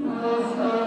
Amen.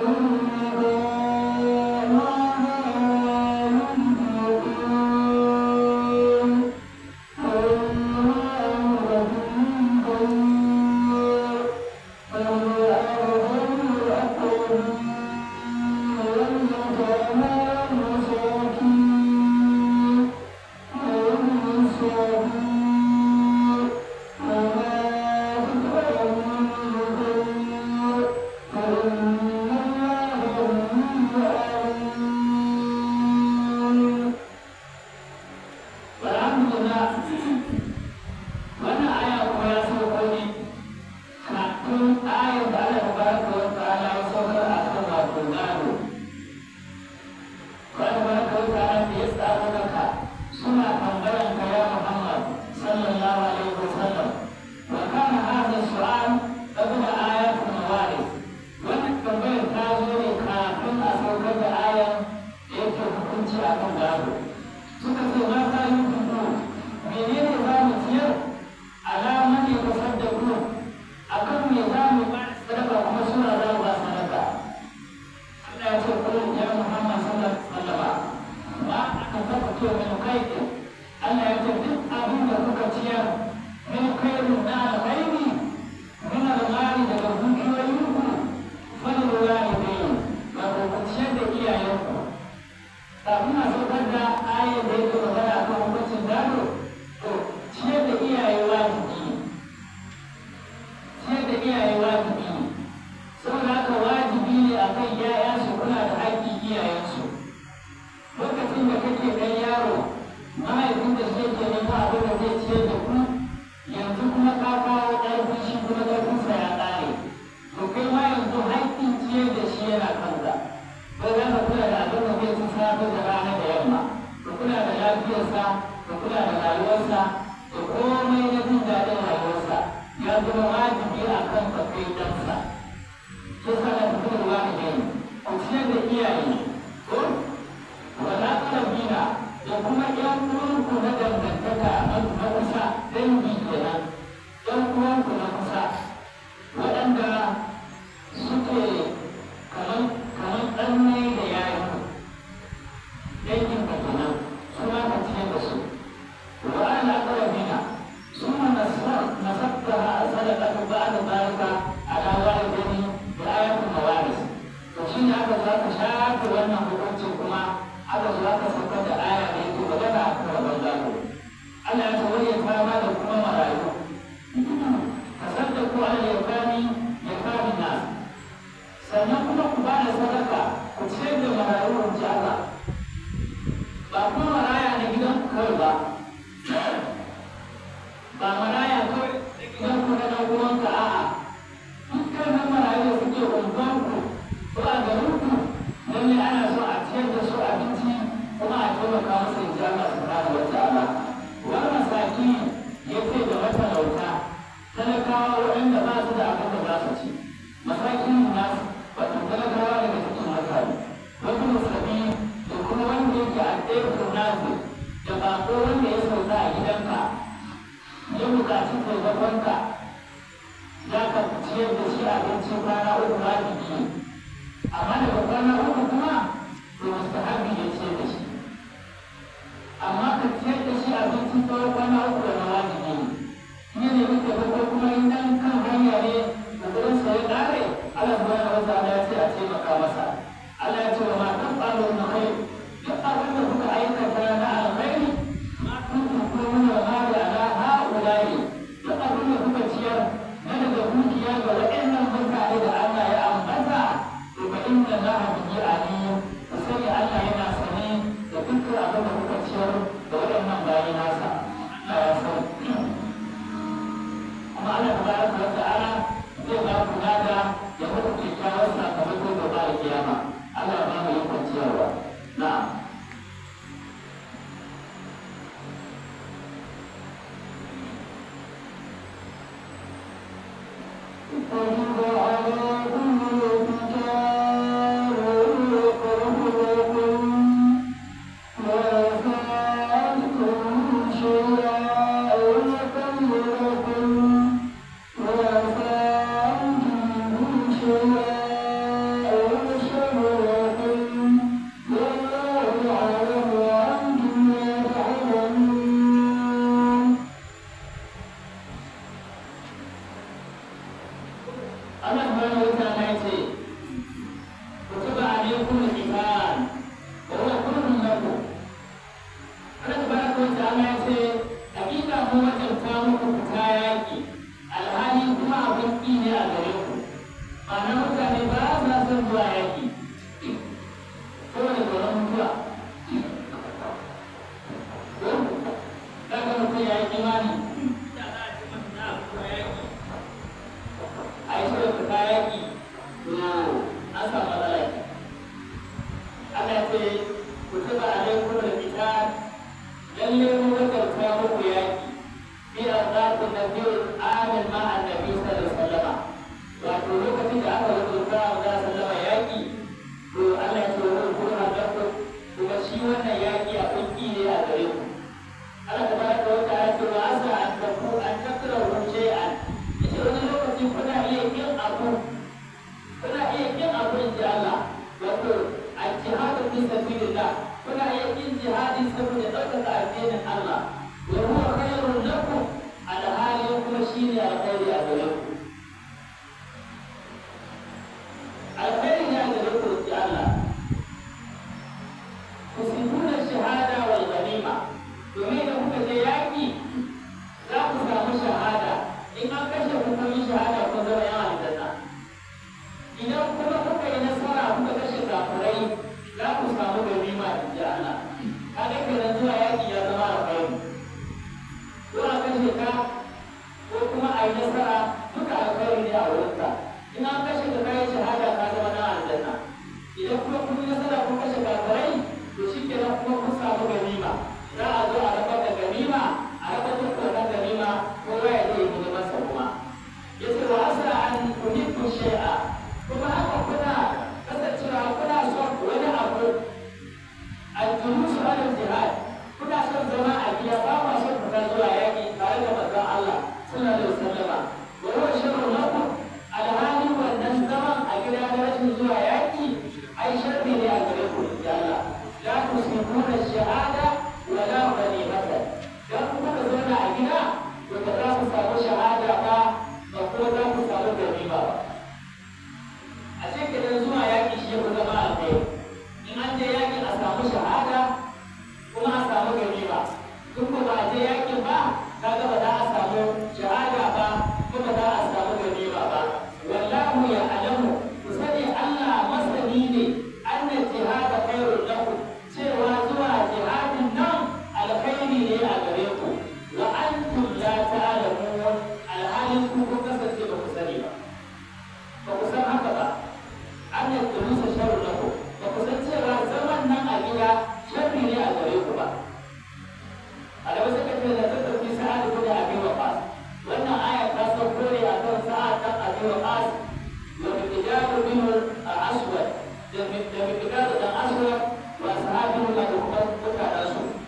yang dipegang tentang asma wa sahabu lakukan kepada Rasulullah.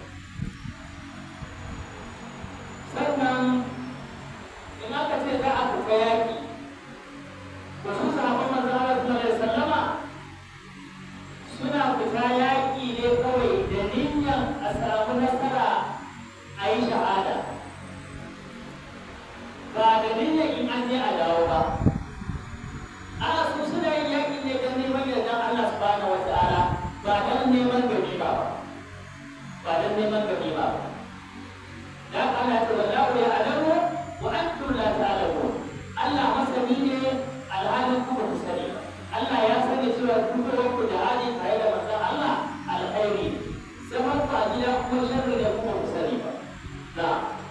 있다. 아,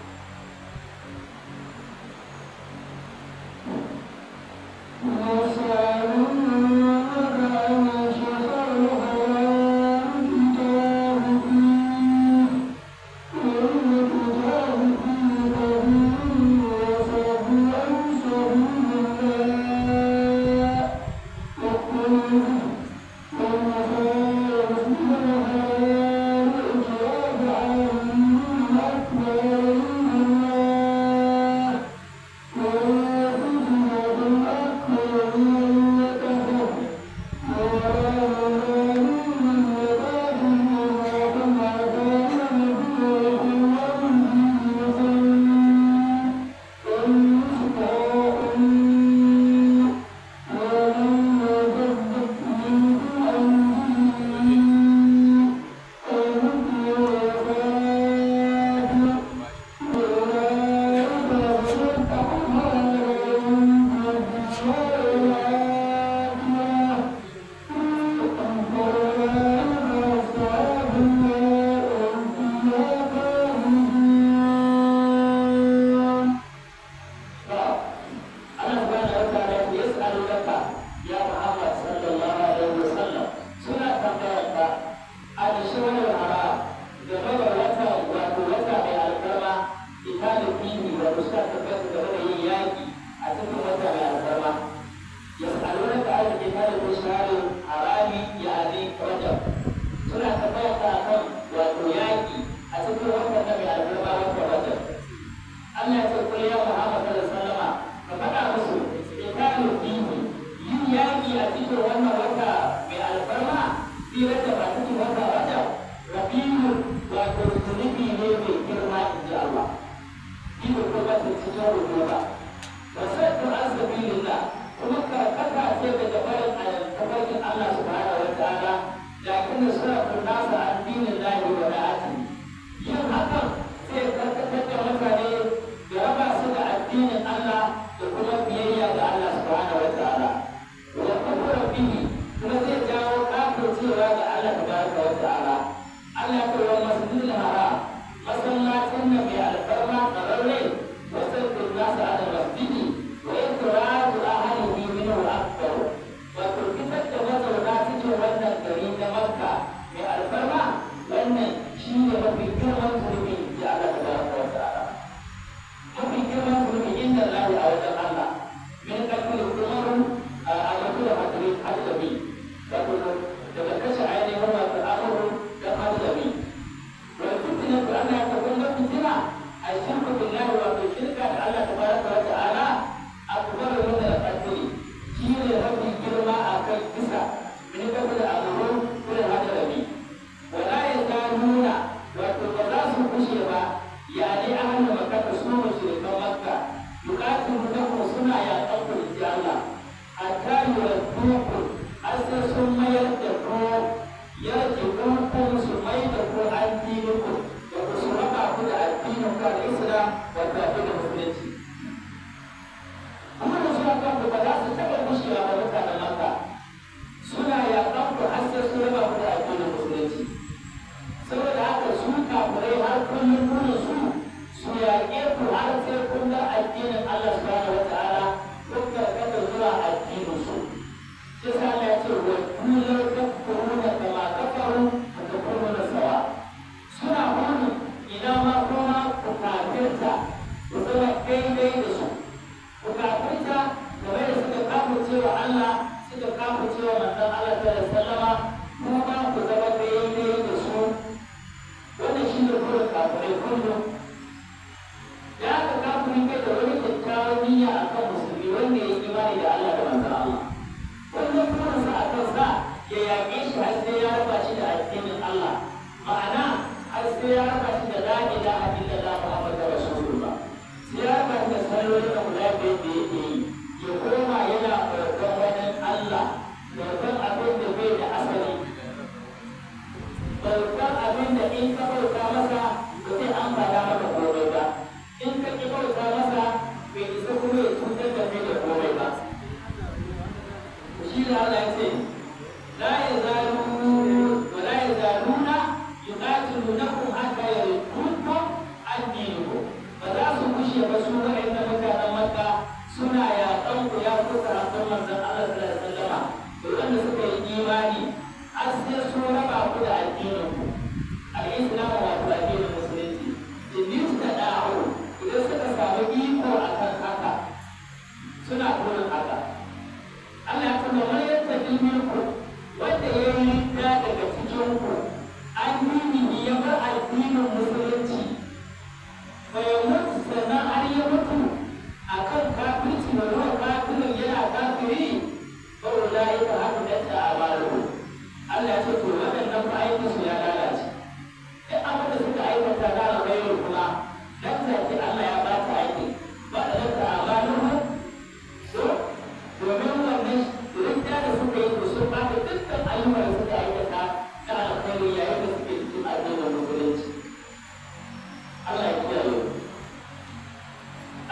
لا إله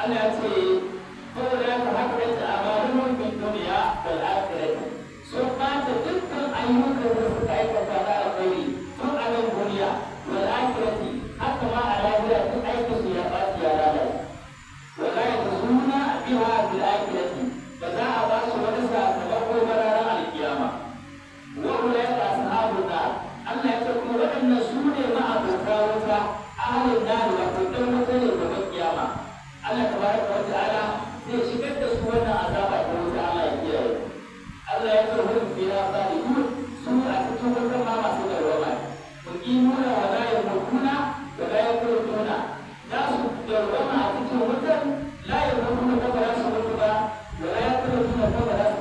Allah ce saboda ka hakarar da amalin bin duniya da al'akirai sun ɓata dukkan ayyukan da suka aikata na alkhairi Gracias.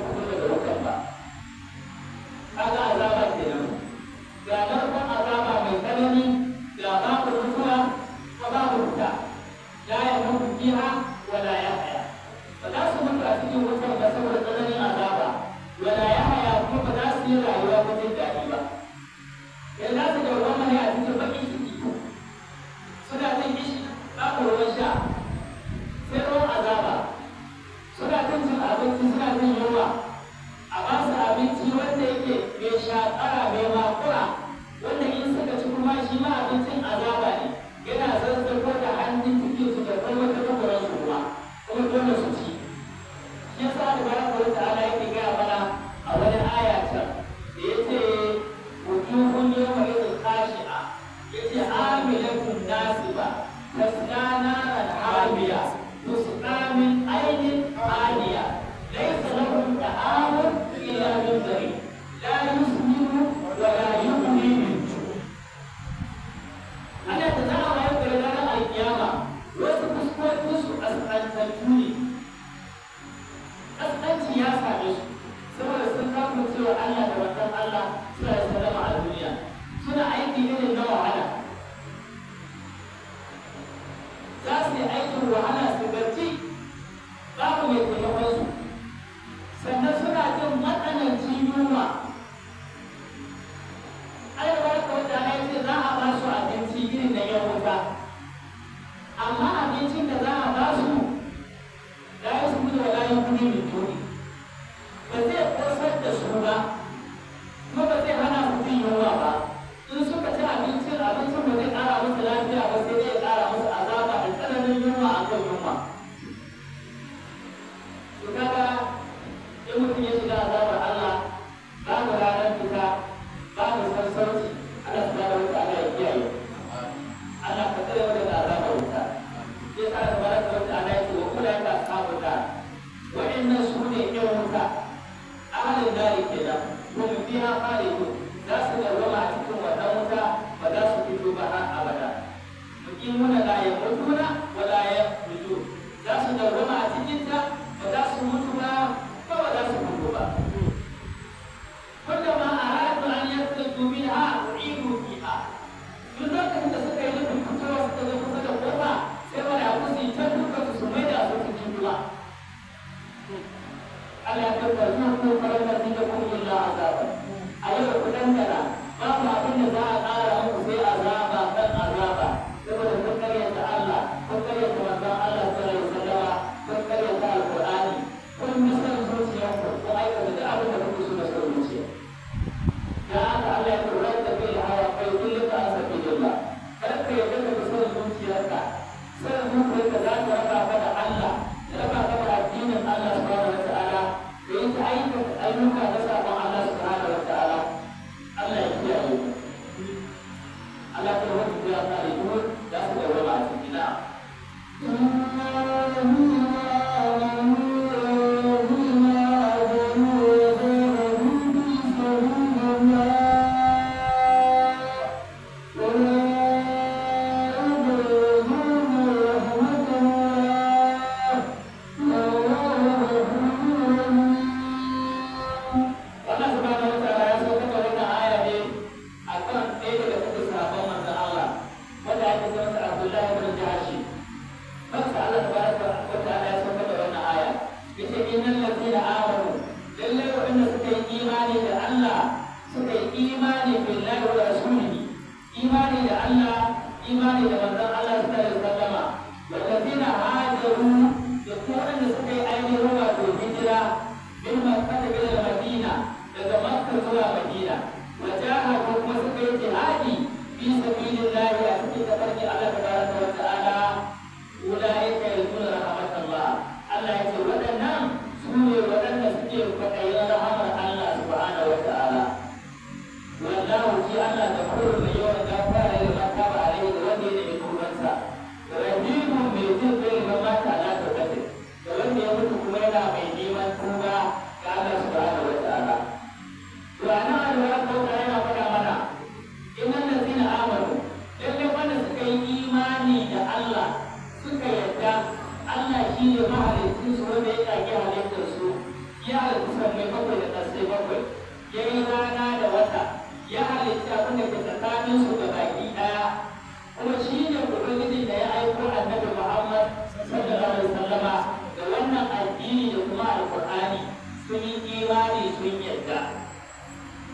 kuma shi ne ubangiji da ya aiko annabi muhammad sallallahu alaihi wasallama da wannan addini da kuma alqur'ani sun yi imani sun yarda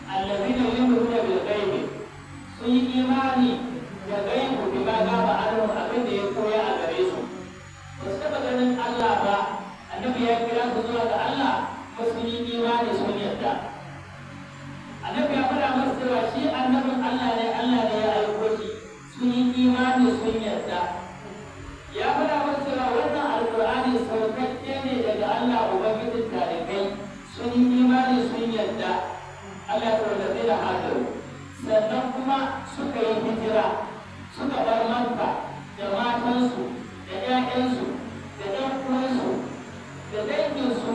allazina yu'minuna bil ghaibi sun yi imani da ghaibu bima gaba anhu abin da ya koya a gare su ba su taba ganin Allah ba annabi ya kira su zuwa ga Allah ba sun yi imani sun yarda annabi ya faɗa masu cewa shi annabin Allah ne Allah ne ya sun yarda ya faɗa mana cewa wannan alƙur'ani saukakke ne daga Allah da kai, sun yi imani sun yarda Allah ya tsawaita da hadaru sannan kuma suka yi hijira suka bar manta da matansu da 'ya'yansu da ɗan uwansu da danginsu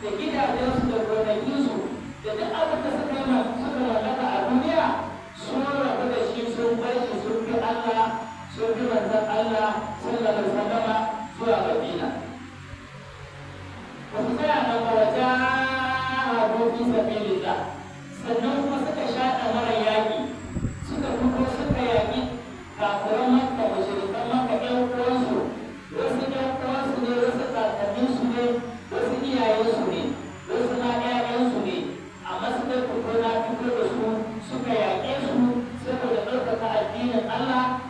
da gidajensu da gonakinsu da duk abin da suka yi suka mallaka a duniya sun rabu da shi sun bar shi sun fi Allah sun bi manzon Allah sallallahu alaihi wasallama zuwa Madina ba su tsaya nan ba wajen haro fi sabilillah sannan kuma suka shaɗa mara yaƙi suka fito suka yaƙi kafiran makka mashirikan makka ɗan uwansu wasu ɗan uwansu ne wasu su ne wasu su ne wasu na ƴaƴansu ne amma suka fito na fito da su suka yaƙe su saboda ɗaukaka addinin Allah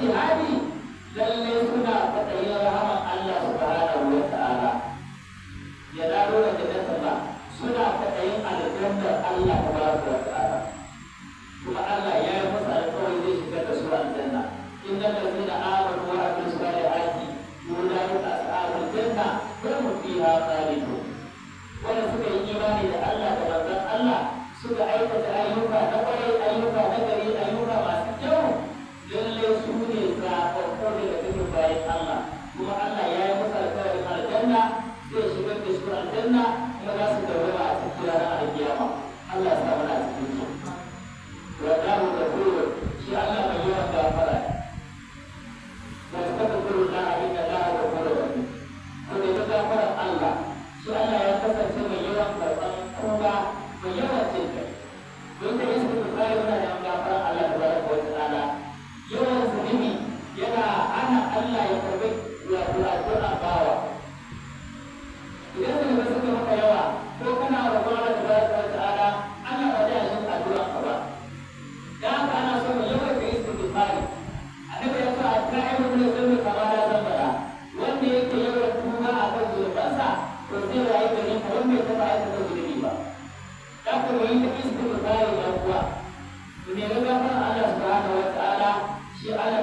jihadi lallai suna kwaɗayin rahama Allah subhanahu wa ta'ala ya daro da jannatin Allah suna kwaɗayin aljannar Allah subhanahu wa ta'ala kuma Allah ya yi masa alƙawari zai shigar da su aljanna inna allazina amanu wa amilu salihati yudawu ashabul janna hum fiha khalidun wanda suka yi imani da Allah da manzon Allah suka ba a taɓa zunubi ba da ka wani ta istighfari da kuwa ku nemi gafara Allah subhanahu wa ta'ala shi Allah